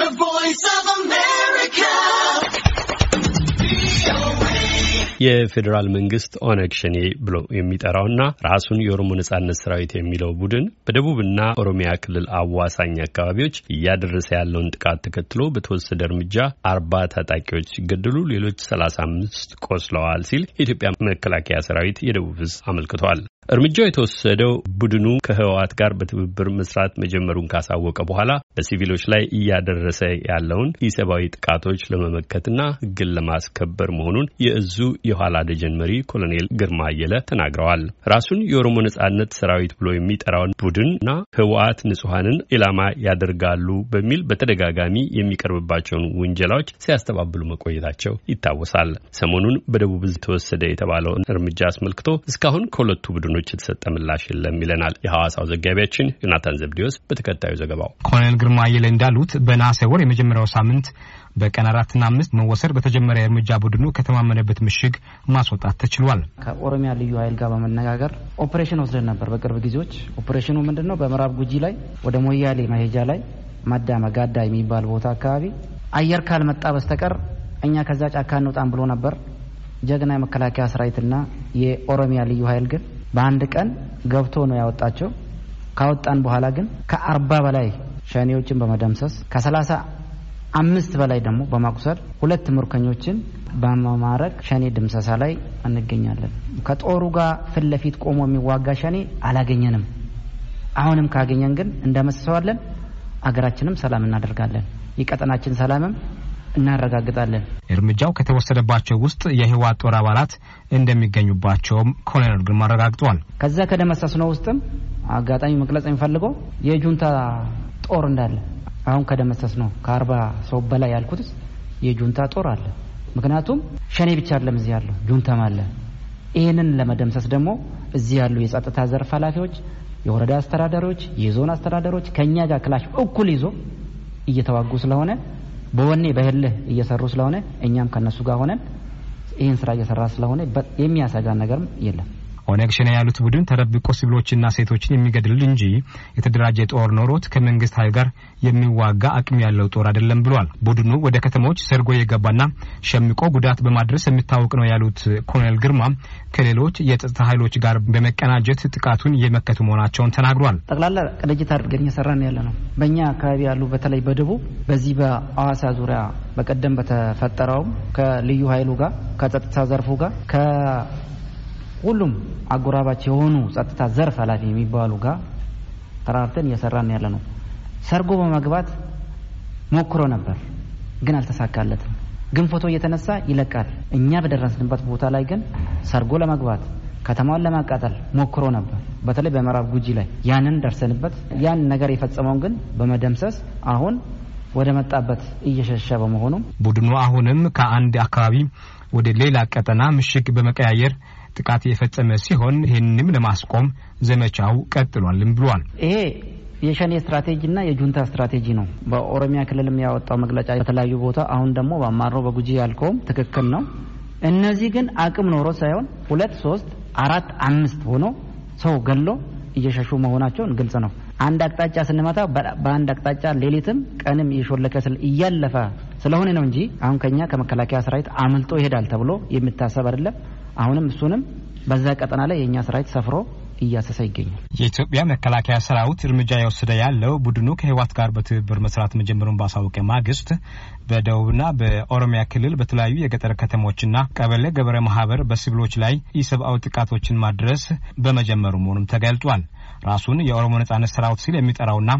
The Voice of America. የፌዴራል መንግስት ኦነግ ሸኔ ብሎ የሚጠራውና ራሱን የኦሮሞ ነጻነት ሰራዊት የሚለው ቡድን በደቡብና ኦሮሚያ ክልል አዋሳኝ አካባቢዎች እያደረሰ ያለውን ጥቃት ተከትሎ በተወሰደ እርምጃ አርባ ታጣቂዎች ሲገደሉ ሌሎች ሰላሳ አምስት ቆስለዋል ሲል የኢትዮጵያ መከላከያ ሰራዊት የደቡብ እዝ አመልክቷል። እርምጃው የተወሰደው ቡድኑ ከህወሓት ጋር በትብብር መስራት መጀመሩን ካሳወቀ በኋላ በሲቪሎች ላይ እያደረሰ ያለውን ኢሰብአዊ ጥቃቶች ለመመከትና ህግን ለማስከበር መሆኑን የእዙ የኋላ ደጀን መሪ ኮሎኔል ግርማ አየለ ተናግረዋል። ራሱን የኦሮሞ ነጻነት ሰራዊት ብሎ የሚጠራውን ቡድንና ህወሓት ንጹሐንን ኢላማ ያደርጋሉ በሚል በተደጋጋሚ የሚቀርብባቸውን ውንጀላዎች ሲያስተባብሉ መቆየታቸው ይታወሳል። ሰሞኑን በደቡብ ዝ ተወሰደ የተባለውን እርምጃ አስመልክቶ እስካሁን ከሁለቱ ቡድኖ ወገኖች የተሰጠ ምላሽ የለም ይለናል የሐዋሳው ዘጋቢያችን ዮናታን ዘብዲዮስ በተከታዩ ዘገባው። ኮሎኔል ግርማ አየለ እንዳሉት በነሐሴ ወር የመጀመሪያው ሳምንት በቀን አራትና አምስት መወሰድ በተጀመረ የእርምጃ ቡድኑ ከተማመነበት ምሽግ ማስወጣት ተችሏል። ከኦሮሚያ ልዩ ኃይል ጋር በመነጋገር ኦፕሬሽን ወስደን ነበር። በቅርብ ጊዜዎች ኦፕሬሽኑ ምንድን ነው? በምዕራብ ጉጂ ላይ ወደ ሞያሌ መሄጃ ላይ ማዳመ ጋዳ የሚባል ቦታ አካባቢ አየር ካልመጣ በስተቀር እኛ ከዛ ጫካ እንውጣን ብሎ ነበር። ጀግና የመከላከያ ሰራዊትና የኦሮሚያ ልዩ ኃይል ግን በአንድ ቀን ገብቶ ነው ያወጣቸው። ካወጣን በኋላ ግን ከአርባ በላይ ሸኔዎችን በመደምሰስ ከሰላሳ አምስት በላይ ደግሞ በማቁሰል ሁለት ምርኮኞችን በመማረክ ሸኔ ድምሰሳ ላይ እንገኛለን። ከጦሩ ጋር ፊት ለፊት ቆሞ የሚዋጋ ሸኔ አላገኘንም። አሁንም ካገኘን ግን እንደመስሰዋለን። አገራችንም ሰላም እናደርጋለን። የቀጠናችን ሰላምም እናረጋግጣለን። እርምጃው ከተወሰደባቸው ውስጥ የህወሓት ጦር አባላት እንደሚገኙባቸውም ኮሎኔል ግርማ አረጋግጠዋል። ከዚያ ከደመሰስኖ ውስጥም አጋጣሚ መግለጽ የሚፈልገው የጁንታ ጦር እንዳለ አሁን ከደመሰስ ነው ከአርባ ሰው በላይ ያልኩት የጁንታ ጦር አለ። ምክንያቱም ሸኔ ብቻ አይደለም እዚህ ያለው ጁንታም አለ። ይህንን ለመደምሰስ ደግሞ እዚህ ያሉ የጸጥታ ዘርፍ ኃላፊዎች፣ የወረዳ አስተዳደሮች፣ የዞን አስተዳደሮች ከእኛ ጋር ክላሽ እኩል ይዞ እየተዋጉ ስለሆነ በወኔ በህልህ እየሰሩ ስለሆነ እኛም ከነሱ ጋር ሆነን ይህን ስራ እየሰራ ስለሆነ የሚያሰጋ ነገርም የለም። ኦነግ ሸኔ ያሉት ቡድን ተደብቆ ሲቪሎችና ሴቶችን የሚገድል እንጂ የተደራጀ ጦር ኖሮት ከመንግስት ኃይል ጋር የሚዋጋ አቅም ያለው ጦር አይደለም ብሏል። ቡድኑ ወደ ከተሞች ሰርጎ የገባና ሸምቆ ጉዳት በማድረስ የሚታወቅ ነው ያሉት ኮሎኔል ግርማ ከሌሎች የጸጥታ ኃይሎች ጋር በመቀናጀት ጥቃቱን እየመከቱ መሆናቸውን ተናግሯል። ጠቅላላ ቅንጅት አድርገን እየሰራን ያለ ነው። በእኛ አካባቢ ያሉ በተለይ በደቡብ በዚህ በአዋሳ ዙሪያ በቀደም በተፈጠረውም ከልዩ ኃይሉ ጋር ከጸጥታ ዘርፉ ጋር ሁሉም አጎራባች የሆኑ ጸጥታ ዘርፍ ኃላፊ የሚባሉ ጋር ተራርተን እየሰራን ያለ ነው። ሰርጎ በመግባት ሞክሮ ነበር፣ ግን አልተሳካለትም። ግን ፎቶ እየተነሳ ይለቃል። እኛ በደረስንበት ቦታ ላይ ግን ሰርጎ ለመግባት ከተማዋን ለማቃጠል ሞክሮ ነበር፣ በተለይ በምዕራብ ጉጂ ላይ ያንን ደርሰንበት። ያን ነገር የፈጸመውን ግን በመደምሰስ አሁን ወደ መጣበት እየሸሸ በመሆኑ ቡድኑ አሁንም ከአንድ አካባቢ ወደ ሌላ ቀጠና ምሽግ በመቀያየር ጥቃት የፈጸመ ሲሆን ይህንም ለማስቆም ዘመቻው ቀጥሏልም ብሏል። ይሄ የሸኔ ስትራቴጂና የጁንታ ስትራቴጂ ነው። በኦሮሚያ ክልልም ያወጣው መግለጫ በተለያዩ ቦታ አሁን ደግሞ በአማሮ በጉጂ ያልከውም ትክክል ነው። እነዚህ ግን አቅም ኖሮ ሳይሆን ሁለት ሶስት አራት አምስት ሆኖ ሰው ገሎ እየሸሹ መሆናቸውን ግልጽ ነው። አንድ አቅጣጫ ስንመታ በአንድ አቅጣጫ ሌሊትም ቀንም እየሾለከ እያለፈ ስለሆነ ነው እንጂ አሁን ከኛ ከመከላከያ ሰራዊት አምልጦ ይሄዳል ተብሎ የሚታሰብ አይደለም። አሁንም እሱንም በዛ ቀጠና ላይ የእኛ ስራ ሰፍሮ እያሰሰ ይገኛል። የኢትዮጵያ መከላከያ ሰራዊት እርምጃ የወሰደ ያለው ቡድኑ ከህወሓት ጋር በትብብር መስራት መጀመሩን ባሳወቀ ማግስት በደቡብና በኦሮሚያ ክልል በተለያዩ የገጠር ከተሞችና ቀበሌ ገበረ ማህበር በሲቪሎች ላይ ኢሰብአዊ ጥቃቶችን ማድረስ በመጀመሩ መሆኑም ተገልጧል። ራሱን የኦሮሞ ነጻነት ሰራዊት ሲል የሚጠራውና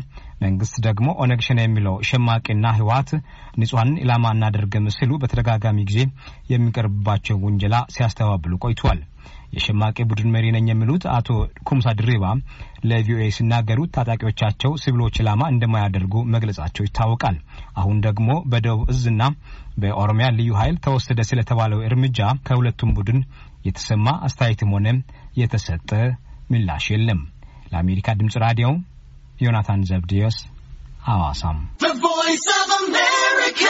መንግስት ደግሞ ኦነግ ሸኔ የሚለው ሸማቂና ህወሓት ንጹሐንን ኢላማ አናደርግም ሲሉ በተደጋጋሚ ጊዜ የሚቀርብባቸው ውንጀላ ሲያስተባብሉ ቆይቷል። የሸማቂ ቡድን መሪ ነኝ የሚሉት አቶ ኩምሳ ድሪባ ለቪኦኤ ሲናገሩት ታጣቂዎቻቸው ሲቪሎች ኢላማ እንደማያደርጉ መግለጻቸው ይታወቃል። አሁን ደግሞ በደቡብ እዝና በኦሮሚያ ልዩ ኃይል ተወሰደ ስለተባለው እርምጃ ከሁለቱም ቡድን የተሰማ አስተያየትም ሆነ የተሰጠ ምላሽ የለም። ለአሜሪካ ድምፅ ራዲዮ ዮናታን ዘብዲዮስ ሐዋሳም ቮይስ ኦፍ አሜሪካ